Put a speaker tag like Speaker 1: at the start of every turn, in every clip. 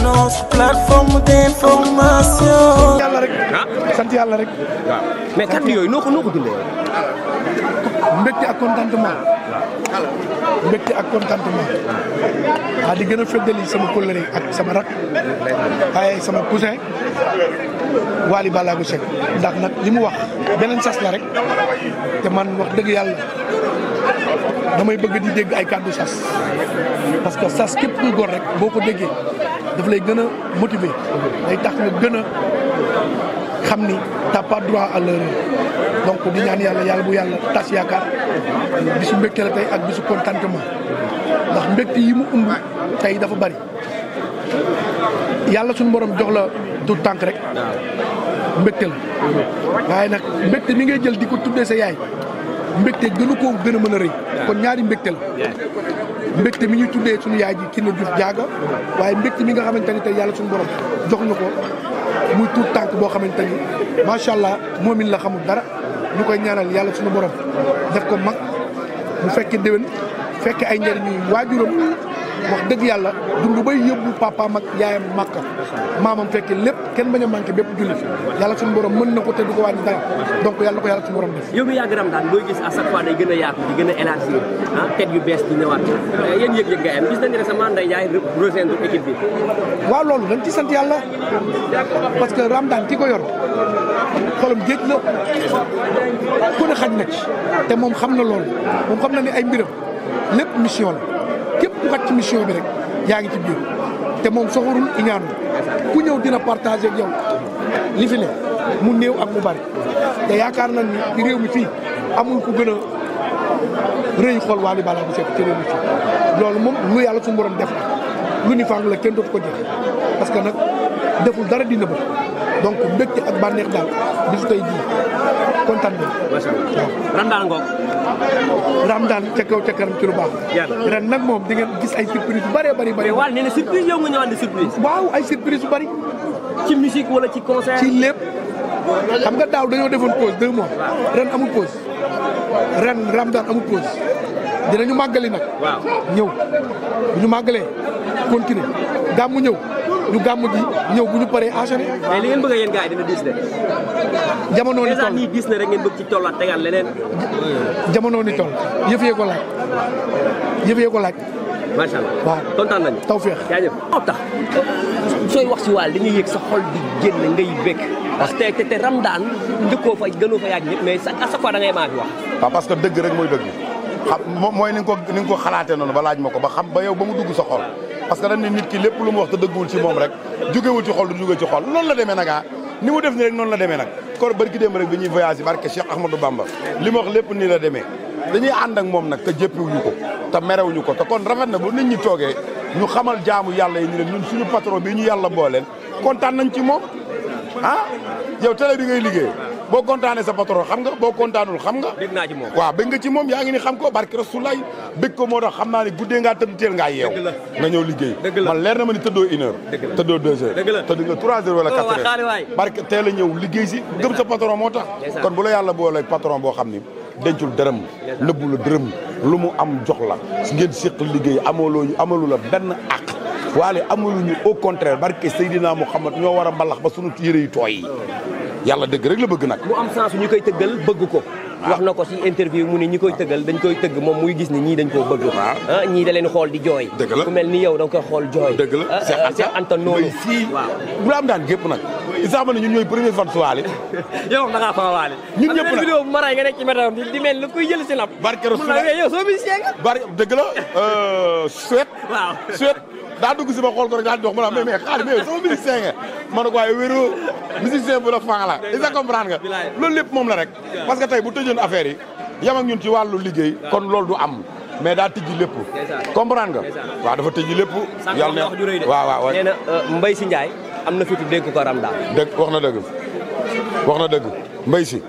Speaker 1: notre sant yàlla rek. Ah. sant yàlla rek. waaw mais yooyu noo ko noo ko dundee. ak
Speaker 2: contentement. waaw ak contentement. waaw di gën a féddali sama kóllëre ak sama rak. waaye sama cousin. Waly Ballago Seck ndax nag li mu wax beneen sas la rek te man wax dëgg yàlla damay bëgg di dégg ay kàddu sas parce que sas képp kuy gor rek boo ko déggee. daf lay gën a motiver day tax nga gën a xam ni t'as pas droit à donc di ñaan yàlla yàlla bu yàlla tas yaakaar su mbégte la tey ak bisu ma ndax mbégte yi mu umb tey dafa bari yàlla suñu borom jox la du tànk rek mbégte la waaye nag mbégte mi ngay jël di ko tuddee sa yaay mbégte gënu koo gën a mën a rëy kon ñaari mbégte la mbégte mi ñuy tuddee suñu yaay ji Kiné Diouf Diaga waaye mbégte mi nga xamante ni tey yàlla suñu borom jox ñu ko muy tuut tànk boo xamante ni macha allah moom moomin la xamul dara ñu koy ñaanal yàlla suñu borom def ko mag mu fekkee déwén fekkee ay njëriñu waajuram wax dëgg yàlla dund bay yóbbu papaam ak yaayam màkka maamam fekkee lépp kenn bañ a manqué bépp jullit yàlla suñu borom mën na ko te du ko wàññi dara donc yàlla ko yàlla suñu borom def
Speaker 1: yow mi yàgg Ramadan booy gis à gën a yaatu di gën a élargir ah tête yu bees di ñëwaat eh, yéen yëg-yëg am gis nañu bi
Speaker 2: waaw loolu dañ ci sant yàlla parce que Ramadan ki ko yor xolam géej la ku xaj na ci te moom xam na loolu moom xam na ni ay mbiram lépp mission la képp ku ci mission bi rek yaa ngi ci biir te moom soxorul iñaanul ku ñëw dina partagé ak yow li fi ne mu néew ak mu bari te yaakaar nañ ni réew mi fii amul ku gën a rëy xool Wally Ballago Seck ci réew loolu moom lu yàlla suñu borom def la lu ni fàng la kenn dootu ko jeex parce que nag deful dara dina ba donc mbégte ak bànneex daal bisu tey jii kontaan Ramadan ca kaw ca kanam ci lu baax. ren nag moom di ngeen gis ay surprise yu bëree bëri bëri. waaw nee na surprise yow nga ñëwaat ne surprise. waaw ay surprise yu ci musique wala ci concert. ci lépp xam nga daaw dañoo defoon pause deux mois. ren amul pause. ren Ramadan amul pause. dinañu màggali nag. waaw ñëw bu ñu màggalee continuer
Speaker 1: gàmmu ñëw. ñu gàmm ji ñëw bu ñu paree enchaîné. mais li ngeen bëgg a yéen gars yi dina diis de. jamono ni toll diis na rek ngeen bëgg ci tollaat tegal leneen. jamono ni toll yëf yee ko laaj yëf yee ko laaj. macha allah waaw kontaan nañu. tawféex jaajëf. moo tax sooy wax si waal dañuy yëg sa xool di génn ngay bekk parce que te te Ramadaan njëkkoo fa gënoo fa yàgg ñëpp mais sa à chaque fois da wax.
Speaker 3: waaw parce que dëgg rek mooy dëgg xam mooy ni ko ni ko xalaatee noonu ba laaj ma ko ba xam ba yow ba mu dugg sa xool parce que dañ ne nit ki lépp lu mu wax te dëgguwul ci moom rek jógewul ci xol du jóge ci xol noonu la demee nag ah. ni mu def nii rek noonu la demee nag kon barki rek bi ñuy voyage barke Cheikh Ahmadou Bamba li mu lépp nii la demee dañuy ànd ak moom nag te jéppiwuñu ko te merewuñu ko te kon rafet na bu nit ñi toogee ñu xamal jaamu yàlla yi ñu leen ñun suñu patron bi ñu yàlla booleen kontaan nañ ci moom ah yow télé bi ngay liggéey boo kontaanee sa patron xam nga boo kontaanul xam nga. naa moom waaw bëgg nga ci moom yaa ngi ni xam ko barki Rasulaay bëgg ko moo tax xam naa ne guddee ngaa tëdd teel ngaa nga liggéey man leer na ma ni tëddoo une heure tëddoo deux heures tëdd nga trois heures wala oh, quatre heures barki teel a ñëw liggéey si gëm sa patron moo tax kon bu la yàlla boolee patron boo xam ni dencul dërëm lëbbu dërëm lu mu am jox la ngeen séq liggéey amoo amaloo amalu la benn waale amuluñu au contraire barke Seydina Mouhamad ñoo war a mbalax ba sunu yëre yu tooy yi
Speaker 1: yàlla dëgg rek la bëgg nag. mu am sensu ñu koy tëggal bëgg ko. Ah. wax na ko ci interview mu ne ñi koy tëggal dañ koy tëgg moom muy gis ni ñii dañ koo bëgg. ah, ah ñii da leen xool di jooy. dëgg la ku mel ni yow da nga koy xool jooy. dëgg la ah, Cheikh Anta bu am daan gépp nag. Issa Mbaye ñun ñooy premier fan su waale. yow da ngaa fa waale. ñëpp nag vidéo bu maray nga nekk ci météo di di mel si lap. barke
Speaker 3: dëgg la euh, Suède. waaw Suède. daa dugg si ma xool ko rek daa di dox ma ne mais mais xaalis sama musicien nga ma ne ko waaye wéru musicien bu la fan la isa comprendre nga loolu lépp moom la rek parce que tey bu tëjoon affaire yi yam ak ñun ci wàllu liggéey kon loolu du am mais daa tijji lépp comprendre nga waaw dafa tijji lépp yàlla ne waaw waa nee na euh, Mbaye si Ndiaye am na fitu denk ko Ramdan dëgg wax na dëgg wax na dëgg Mbaye si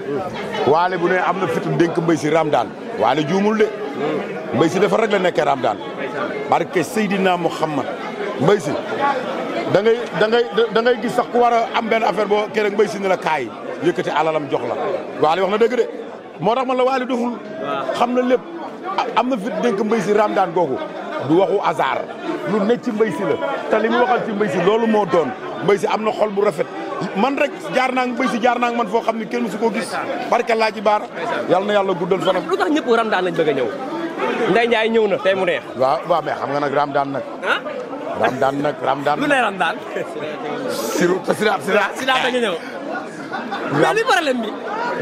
Speaker 3: waale bu ne am na fitu dénk Mbaye si Ramdan waale juumul de hmm. Mbaye si dafa rek la nekkee Ramdan barke Seydina Mouhamad mbay si da ngay da ngay da ngay gis sax ku war a am benn affaire boo kii rek mbay la kaay yëkkati alalam jox la waali wax na dëgg de moo tax ma la waali doful xam na lépp am na fit dénk mbay si daan googu du waxu hasard lu ne ci mbay si te li mu waxal ci mbay si loolu moo doon mbay si am na xol bu rafet man rek jaar naa mbay si jaar naa man foo xam ne kenn su ko gis barke laa ji baar yàlla na yàlla guddal fanam lu tax ñëpp ramdaan lañ bëgg a ñëw Ndeye Ndiaye ñëw na tey mu neex waaw xam nga nag ramdaan nag ah? Ramadaan nag ram lu ne
Speaker 2: Ramadaan. siru siraat siraat. siraat nga ñëw. mais li problème bi.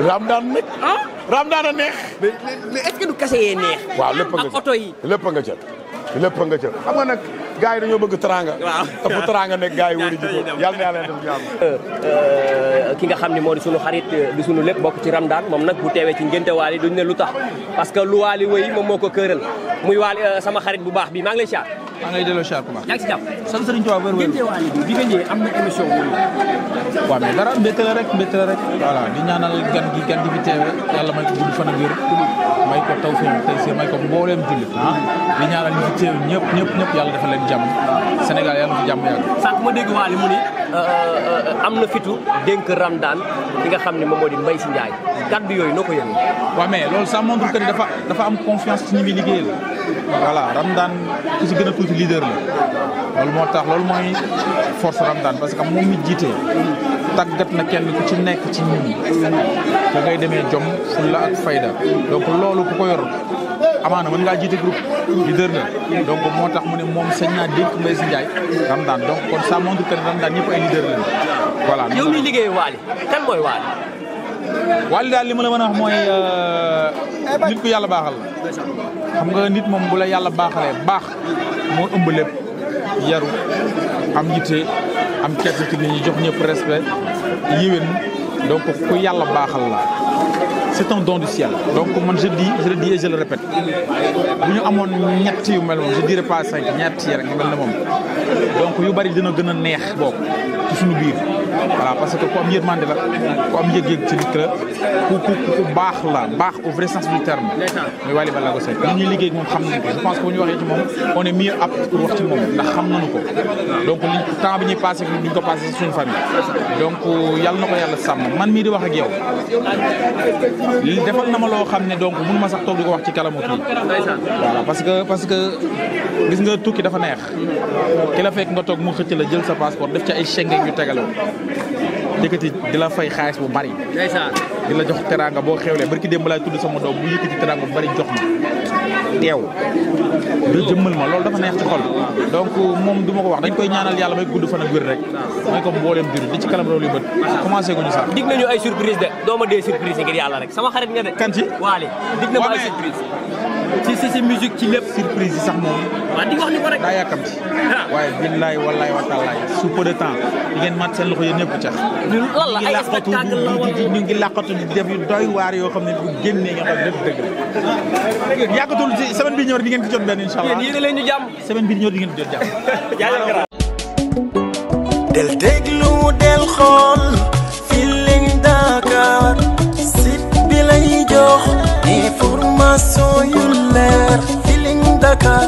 Speaker 3: Ramadaan nag. ah Ramadaan a neex. mais mais est neex. waaw lépp nga ca ak oto yi. lépp nga ca lépp nga ca xam nga nag gars yi dañoo bëgg teraanga.
Speaker 1: waaw te fu teraanga nekk gars yi wëri ji ko yàlla na yàlla def jàmm. Euh, euh, ki nga xam ni moo di sunu xarit euh, di sunu lépp bokk ci daan moom nag bu teewee ci ngénte waali duñ ne lu tax parce que lu waali wëy moom moo ko këral muy waali sama xarit bu baax bi maa ngi lay maa ngay delloo siyaar Kumba. yaa ngi si jàpp sant
Speaker 4: Serigne Touba wér nga ñëwee am na émission waaw mais dara mbégte la rek mbégte la rek. voilà di ñaanal gan gi gan gi fi teewee yàlla may ko gudd fan ak wér. may ko taw fii tey si ah. di ñaanal ñi fi teew ñëpp ñëpp ñëpp yàlla dafa leen jàmm. Sénégal yàlla fi jàmm yàgg. sànq ma dégg Waly mu ni euh, euh, euh, am na fitu dénk Ramdaan li nga xam ne moom moo di Mbaye si Ndiaye. kàddu yooyu noo ko yëg. waaw mais loolu ça dafa dafa am confiance ci ñi muy liggéeyal. voilà Ramadane ku si gën a tuuti leader la. loolu moo tax loolu mooy parce que moom mi jiite. tàggat na kenn ci nekk ci ñun te demee jom fulla ak fayda donc loolu ku ko yor amaana mën ngaa jiite groupe leader nga donc moo tax mu ne moom sañ naa dénk Mbaye si Ndiaye Ramadane donc kon ça montre que Ramadane ñëpp ay leader lañu voilà. yow mi liggéey Waly kan mooy Waly. Wally daal li ma la mën a mooy euh, nit ku yàlla baaxal la xam nga nit moom bu la yàlla baaxalee baax moo ëmb lép yaru am yitte am kett ci nit ñi jox ñëpp respect yéwén donc ku yàlla baaxal la c'est un don du donc man je dis je le dis et je le répète bu ñu amoon ñett yu mel moom je dirais pas cinq ñett yi rek mel na moom donc yu bari dina gën a neex boobu ci suñu biir voilà parce que ku am yërmande la ku am yëg-yëg ci nit la ku ku ku baax la baax au vrai sens du terme muy Wally Ballago Seck ñuy liggéey moom xam nañu ko je pense que bu ñu waxee ci moom on est mieux apte pour wax ci moom ndax xam na nañu ko donc li temps bi ñuy passé ñu ngi ko passé si suñu famille donc yal na ko yàlla sàmm man mii di wax ak yow li defal na ma loo xam ne donc mënu ma sax toog di ko wax ci kalamu kii voilà parce que parce que gis nga tukki dafa neex ki la fekk nga toog la jël sa passeport def ci ay Schengen néeg yu tegaloo yëkkati di la fay xaalis bu bari di la jox teraanga boo xewlee barki démb laay tudd sama doom bu yëkkati teraanga bu bari jox ma teew da jëmmal ma loolu dafa neex ci xol donc moom du ma ko wax dañ koy ñaanal yàlla may gudd fan ak wér rek mooy ko mbooleem juri di ci kanam raw li bët commencé ko ñu sax dig nañu ay
Speaker 1: surprise de dooma dee surprise ngir yàlla rek sama xarit nga de
Speaker 4: kan ci waale dig na ma ay surprise si sax moom
Speaker 1: waaw di
Speaker 4: waaye billaay wallaay wa taalaay sous peu de temps di ngeen mat seen loxo yéen ñëpp cax. la ay spectacle la di doy waar yoo xam ne bu génnee nga xam lépp bi ñëw di ngeen ci jot benn incha allah yéen yéen leen ñu jàmm. semaine di ngeen ci jot jàmm. del déglu del xool Feeling
Speaker 3: Dakar site bi lay jox information yu leer Dakar